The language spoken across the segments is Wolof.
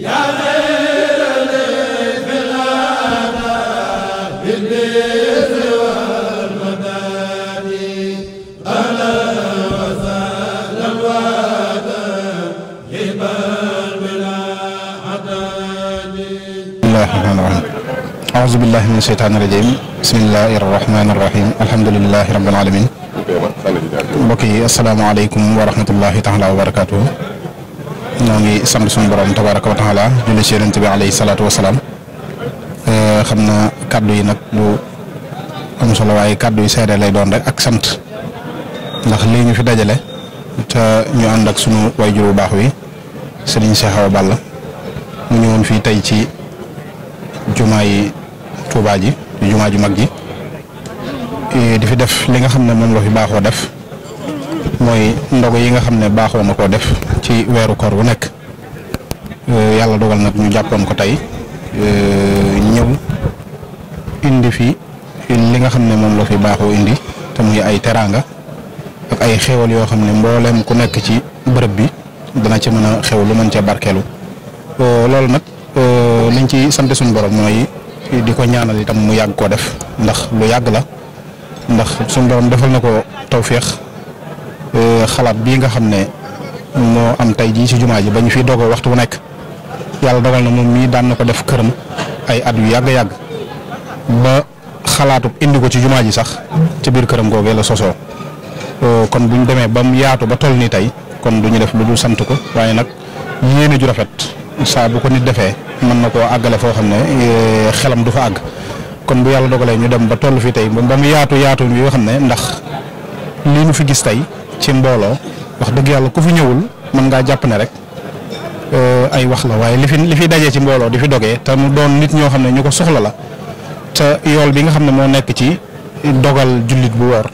أعوذ بالله من الشيطان الرجيم بسم الله الرحمن الرحيم الحمد لله رب العالمين mbokk yi asalaamaaleykum wa rahmatullahi taala wa barakaatuhu ñoo ngi sant suñu borom tabaraka wa taala julli ci yonent bi alayhi salaatu wa eh, xam na kàddu yi nag lu am solo waaye kàddu yi seede lay doon rek ak sant ndax lii ñu fi dajale te ñu ànd ak suñu sunu jur bu baax wi sëriñ Cheikh Awa Balla mu ñëwoon fii tey ci jumaa yi Tuubaa ji jumaa ju mag ji eh, di fi def li nga xam ne moom la fi baaxoo def mooy ndogu yi nga xam ne baaxoo na koo def ci weeru kor wu nekk euh, yàlla dogal nag ñu jàppoon ko tey euh, ñëw indi fi li nga xam ne moom la fi baaxoo indi te muy ay teraanga ak ay xewal yoo xam ne mbooleem ku nekk ci bërëb bi dana ci mën a xew lu mën cee barkeelu euh, loolu nag liñ ci sant suñu borom mooy di ko ñaanal tam mu yàgg koo def ndax lu yàgg la ndax suñu borom defal na ko tawféex Euh, xalaat bii nga xam ne moo am tey jii ci jumaa ji ba ñu fiy dogo waxtu bu nekk yàlla dogal na moom mii daan na ko def këram ay at yu yàgg yàgg ba xalaatu indi ko ci jumaa ji sax ci biir këram googee la sosoo euh, kon bu ñu demee ba mu yaatu ba toll nii tey kon du ñu def lu dul sant ko waaye nag yéene ju rafet saa bu ko nit defee mën na koo àggale foo xam ne euh, xelam du àgg kon bu yàlla dogalee ñu dem ba toll fii tey ba mu yaatu yaatu bi nga xam ne ndax lii nu fi gis tey ci mbooloo wax dëgg yàlla ku fi ñëwul mën ngaa jàpp ne rek euh, ay wax la waaye li fi li fiy dajee ci mbooloo di fi dogee te mu doon nit ñoo xam ne ñu ko soxla la te yool bi nga xam ne moo nekk ci dogal jullit bu woor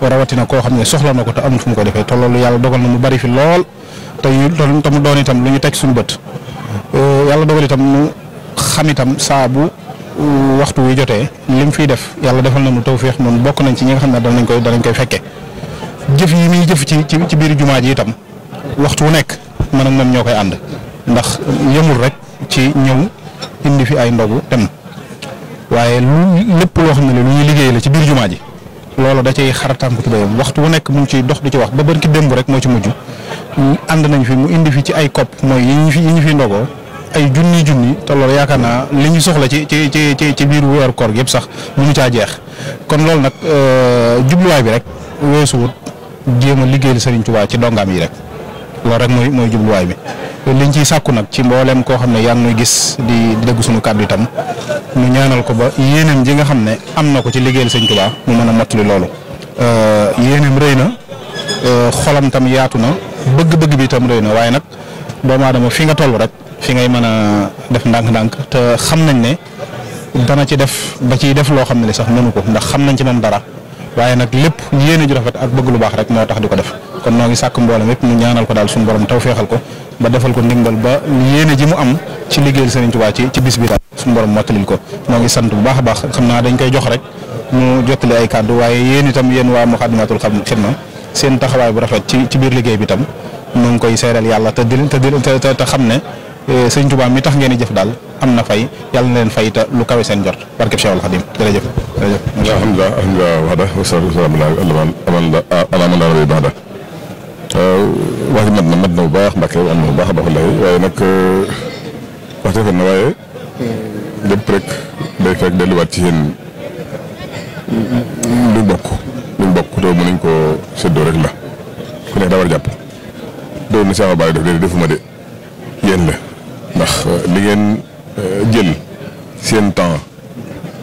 rawatina koo xam ne soxla na ko te amul fu mu ko defee te yàlla dogal na mu bari fi lool te ñu te doon itam lu ñu teg suñu bët euh, yàlla dogal itam mu xam itam saa bu euh, waxtu wi jotee lim fiy def yàlla defal na mu tawféex noonu bokk nañ ci ñi nga xam ne danañ koy danañ koy fekke jëf yi muy jëf ci ci biir jumaa ji itam waxtu wu nekk man ak moom ñoo koy ànd ndax yemul rek ci ñëw indi fi ay ndogu dem waaye lu lépp loo xam ne lu ñuy liggéey la ci biir jumaa ji loolu da cay xar tànku waxtu wu nekk mu ngi ciy dox di ci wax ba bërki démb rek moo ci mujj ànd nañu fi mu indi fi ci ay kopp mooy yi ñu fi yi ñu fi ndogoo ay junni junni te loolu yaakaar naa li ñu soxla ci ci ci ci biir weer koor gi sax mu ngi caa jeex kon loolu nag euh, jubluwaay bi rek weesuwut jéem a liggéeyal Serigne Touba ci dongaam yi rek loolu rek mooy mooy jubluwaay bi liñ ciy sàkku nag ci mbooleem koo xam ne yaa ngi nuy gis di dégg suñu kàddu itam ñu ñaanal ko ba yéeneem ji nga xam ne am na ko ci liggéeyal Serigne Touba mu mën a mottali loolu. Euh, yéeneem réy na euh, xolam tam yaatu na bëgg-bëgg bi itam rëy na waaye nag doomu aadama fi nga toll rek fi ngay mën a def ndànk-ndànk te xam nañ ne dana ci def ba ciy def loo xam ne sax mënu ko ndax xam nañ ci moom dara. waaye nag lépp yéene ju rafet ak bëgg lu baax rek moo tax di ko def kon moo ngi sàkk mboolem yépp mu ñaanal ko daal suñu borom taw feexal ko ba defal ko ndimbal ba yéene ji mu am ci liggéeyal Serigne Touba ci ci bis bi daal suñu borom mottalil ko moo ngi sant bu baax a baax xam naa dañ koy jox rek mu jottali ay kàddu waaye yéen itam yéen waa Moukhaddamatoul Khidma seen taxawaay bu rafet ci ci biir liggéey bi itam noo ngi koy seeral yàlla te di te te xam ne eh, Serigne mi tax ngeen di jëf am na fay yàlla na leen fay te lu kawe seen jort barkeb Cheikhul Khadim jërëjëf jërëjëf alhamdulilah alhamdulilah waxda wasalaatu wasalaamu ala man daana bi baxda wax ji mat na mat bu baax Mbàkke bu baax baax lay waaye nag euh, wax defoon na waaye lépp rek day fekk delluwaat ci yéen lu bokk lu bokk doo mënuñ koo séddoo rek la ku nekk war a jàpp doon na sama bàyyi def defuma de yéen la ndax euh, li ngeen Euh, jël seen temps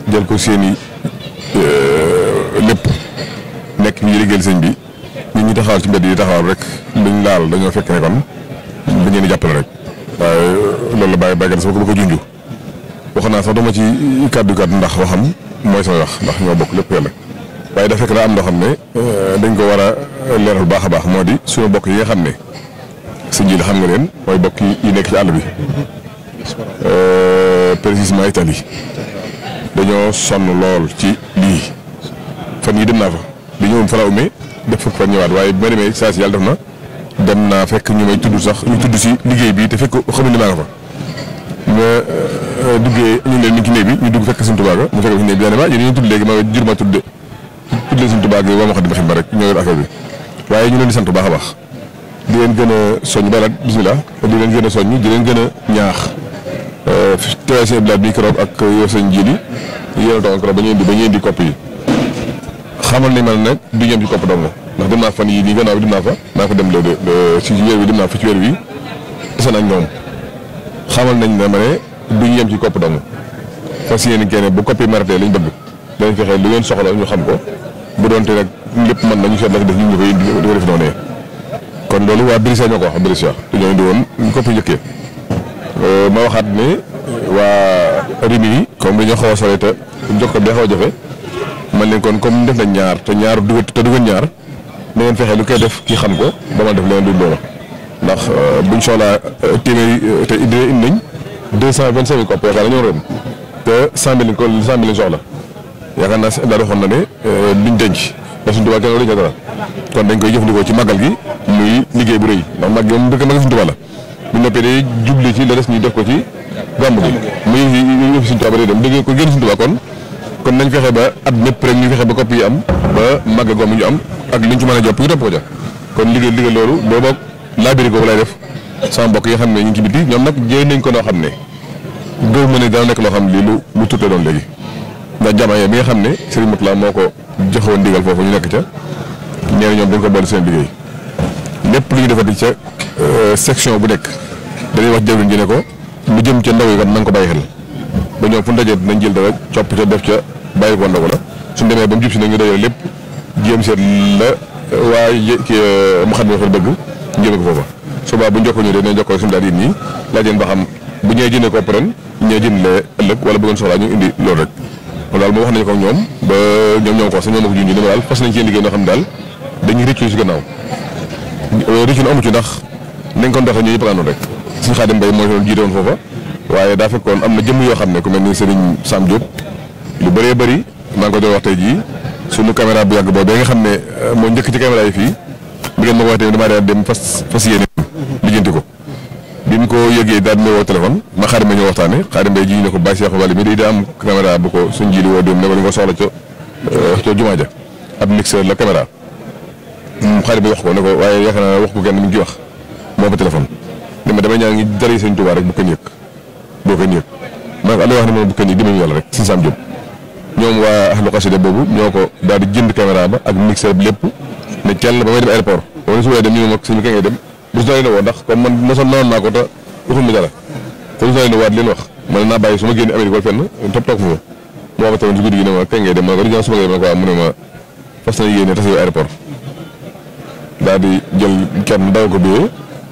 jël ko seeni euh, lépp nekk ñuy liggéeyal sëñ bi nit ñi taxawal ci mbedd yi taxawal rek luñ laal dañoo fekk ne kon dañ leen di jàppale rek waaye euh, loolu la bàyyi bàyyikat soo ko ba ko junj wax naa sax dama ci kàddu kàddu ndax waxam mooy sama wax ndax ñoo bokk lépp yàlla waaye da fekk daa am loo xam ne dañ ko war a leeral baax a baax moo di suñu bokk yi nga xam ne sëñ ji la xam nga leen mooy bokk yi nekk ci àll bi Euh, précisément Italie dañoo sonn lool ci lii fan yi dem naa fa li ñëwoon fa la umee def fa fa ñëwaat waaye bi ma demee saa si yàlla def na dem naa fekk ñu may tuddu sax ñu tudd si liggéey bi te fekk xamuñ ne maa nga fa. ma euh, duggee ñu leen ni ki néeg ñu dugg fekk suñu tubaab mu fekk fi néeg bi daanaka yéen ñu tudd léegi ma jur ma tudd tudd leen suñu tubaab gi waa ma xam ne ma fi rek ñoo yor affaire bi waaye ñu leen di sant bu baax a baax di leen gën a soññ balaa bisimilah di leen gën a soññ di leen gën a ñaax THC de la microbe ak yow sëñ Jili yéen a toog encore ba ñu indi ba ñu indi kopp yi xamal ni man nag du ndax dem naa fan yii nii gannaaw bi dem naa fa dem le ci weer dem naa fa ci weer wi ese nañ ñoom xamal nañ ne ma ne du ñëw ci kopp dong fas yéene kenn bu kopp ma maratee lañ bëgg danañ fexe lu ngeen soxla ñu xam ko bu doonte rek lépp mën lañu seet la def ñu ñu koy indi di ko def noonu kon loolu waa Brisa ñoo ko wax Brisa dañoo njëkkee Euh, ma waxaat ne waa Rimini comme dañoo ñu a sori te jokkoo bi xaw a jafe man leen kon comme def nañ ñaar te ñaar du te du ñaar na fexe lu koy def kii xam ko ba ma def leneen du loola. ndax euh, buñ soxlaa euh, téeméeri te indi indi nañ deux cent vingt cinq mille kopp yaakaar nañoo ren te cent mille ko cent mille soxla yaakaar naa daal waxoon na ne luñ denc te suñ tubaab kenn war a dara kon dañ koy jëfandikoo ci màggal gi muy liggéey bu rëy ndax màgg moom dëkk màgg suñ tubaab la. bu noppee day jubli ci la des ñu def ko ci gàmb gi mu yëf yi yëf suñu tubaab day dem dëgg ko gën suñu tubaab kon kon nañ fexe ba at ñëpp rek ñu fexe ba kopp yi am ba màgg gomb ñu am ak liñ ci mën a jàpp ñu topp ko ca kon liggéey liggéey loolu boo boog laabiri googu lay def sama mbokk yi xam ne ñu ngi ci biti ñoom nag jéey nañ ko noo xam ne gëw ma ne dana nekk loo xam lii lu lu tutte doon léegi ndax jamaye bi nga xam ne Serigne laa moo ko joxoon ndigal foofu ñu nekk ca ñeer ñoom dañ ko boole seen liggéey lépp lu ñu defati ca Euh, section bu nekk dañuy wax jawriñ ji ne ko mu jëm ca ndaw yi kat na ko bàyyi xel ba ñoom fu ndaje dinañ jël dara copp ca def ca bàyyi ko ndaw la suñ demee ba mu jub si nag lépp jéem seet la waaye ki mu xam ne fa bëgg njëme ko foofa suba bu njokko ñu de ne jokkoo suñu daal yéen ñi laaj leen ba xam bu ñëwee jëndee ko pren ñëwee jëndee ëllëg wala bu ngeen soxlaa ñu indi loolu rek kon daal moo wax nañu ko ñoom ba ñoom ñoo ko sa ñoom ma ko junj ne ma daal fas nañ ci liggéey noo xam ne daal dañuy rëccu si gannaaw rëccu na amu ci ndax nañ ko doxee ñu ñëpp àndoon rek suñu Xaadim Mbay moo doon jiite woon foofa am na jëmm yoo xam ne ku mel ni Serigne Sam Diop lu bëree bëri maa ko doon wax tey jii suñu caméra bu yàgg boobu nga xam ne euh, moo njëkk ci fii bi ma ko wax tamit damaa daan dem fas fas yéene lijjanti ko bi mu ko yëgee daal di may woo téléphone ma xaadim ma ñoo waxtaane xaadim Mbay ji ñu ne ko bàyyi seexu wàll mi day daa am caméra bu ko suñ jiili woo dem ne ko li nga soxla ca euh, ca jumaa ja ab mixeur la caméra xaadim Mbay wax ko ne ko waaye yaakaar wax ko kenn mu ngi wax moo ma téléphone ni ma damay ñaan ngi dara sëñ Tuubaa rek bu kenn yëg boo kenn yëg ma ne ko wax ne moom bu kenn yëg rek si Sam Diop ñoom waa ahlu ñoo ko daal di jënd caméra ba ak mixeur bi lépp ne kenn ba may dem aéroport ba ma ne su dem ñu ne ma suñu kañ ngay dem bu man mosoon ko te utul mi dara kon su na wax ma ne naa bàyyi su ma génn Amérique dem ma ne ko du ñu su ma ngay dem quoi mu ne di jël kenn daw ko biyee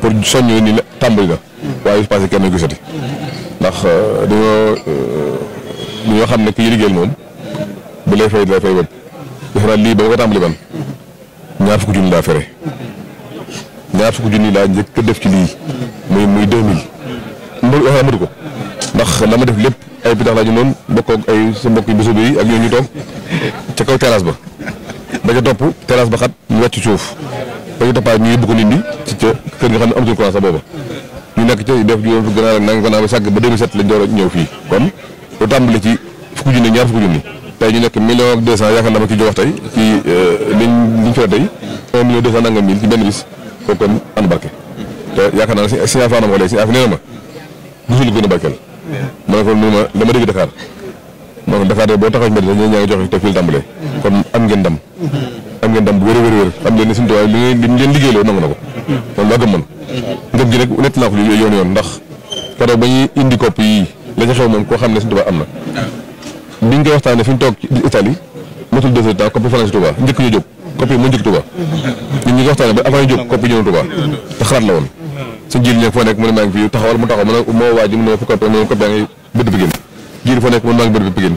pour soññoo ni la tàmbali la waaye su passé kenn gisati ndax euh, dañoo euh, dañoo xam ne ki liggéeyal moom bu lay fay da lay fay web defe naa lii ba ma ko tàmbali ban ñaar fukki junni laa fere ñaar fukki junni laa njëkk def ci lii muy muy deux mille mbaru wax amatu ko ndax la ma def lépp ay bitax laa ñu noonu bokk ak ay sa mbokk bésu bi ak ñoo ñu toog ca kaw terrasse ba ba ca topp terrasse ba xat ñu wàcc suuf ba ñu départ ñu yóbbu ko nit ñi nekk def juróom fukki gannaaw ak nangam ba sàgg ba 2007 lañ door a ñëw fii kon lu tàmbali ci fukki ñu nekk million ak deux cent yaakaar naa ma ci jox tey ci euh, liñ liñ fere tey un million deux cent nangam mille ci benn te yaakaar naa si siñaa faanam wala si afi nee na ma gisul gën a barkeel ma ne ko nu ma dama dégg Dakar ma ne ko boo taxaw mbedd ñaa ngi joxe te fii la tàmbalee kon am ngeen dam am ngeen ndam bu wér a a wér xam ngeen ne suñu tubaab li ngeen leen liggéeyloo nangu na ko loolu laa ba indi kopp yii la koo xam ne suñu tubaab am na ah. biñ koy waxtaanee fi ñu toog Italie matul deux njëkk ñu jóg kopp yi moo njëkk Touba ñun ñu ngi waxtaanee ba avant ñu jóg kopp yi ñëw Touba mm-hmm. te xalaat la woon sa jiir ñeeg foo nekk mu ne maa ngi fi taxawal mu taxaw mu ne mu ne fukk ngi bëdd bi génn jiir foo nekk mu ne maa ngi bëdd bi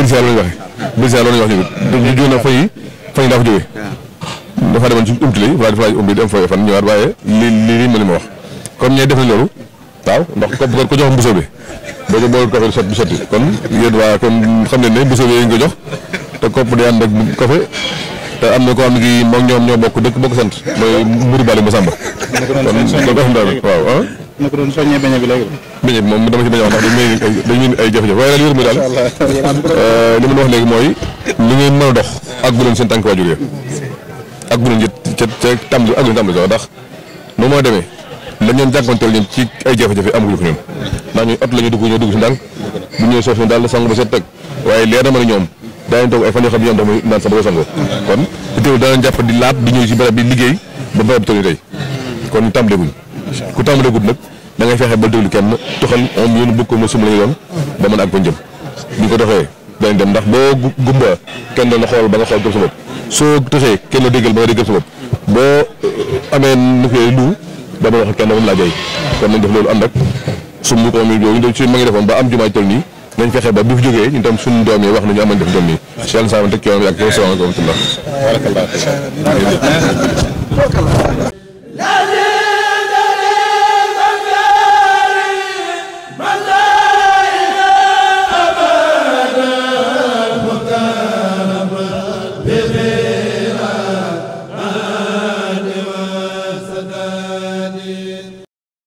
Bulsara la ñu waxee. Bulsara la ñu wax ñu ñu jógee nag fan yii fan fa jógee. dafa demoon ci umtile yi dafa laaj umbi di ma leen wax. comme ñooy def nañ loolu waaw ndax ko ko joxoon mbusoo bi boo ko boo ko café du sotti kon yéen waa kon xam nañ ne mbusoo bi ñu ko jox te kopp day ànd ak café te am na ko am gi moom ñoom ñoo bokk dëkk bokk sant mooy mburu bali ma sàmba kon kon ko xam daal waaw ah. na ko doon soññee beñe bi léegi. beñe bi moom dama ci bañ a wax ndax dañu may ay jafe-jafe waaye daal euh, li ma wax léegi mooy li ngeen mën a dox ak bu seen tànk waajur ya ak bu leen ca ca tàmbali ak lu tàmbali sax ndax nu moo demee lañ leen jànkonteel ñun ci ay jafe-jafe amuñu ko la ñu dugg ñu daal sangu ba set teg waaye leer na ma ne ñoom daañu toog ay fan yoo xam ne ñoom dafa naan sax ba sango kon teewul daañu jàpp di laab di ñëw si barab bi liggéey ba barab bi toll tey kon tàmbaleeguñ ku tàmbalee gudd nag da ngay fexe ba déglu kenn toxal am yoonu bëgg ko ma sum la yoon ba mën ak ba njëm bi ko doxee dañ dem ndax boo gumba kenn doon na xool ba nga xool ko sa bopp soo tëxee kenn la déggal ba nga déggal sa bopp boo eh, amee nu koy lu ba mën a wax kenn moom laa jay kon nañ def loolu am ak sumb ko mi yooyu ñu ci ma ngi defoon ba am jumaay toll nii nañ fexe ba bi fi jógee ñun suñu doom yi wax nañu amañ def doom yi incha allah saa ma teg ci yoon ak yow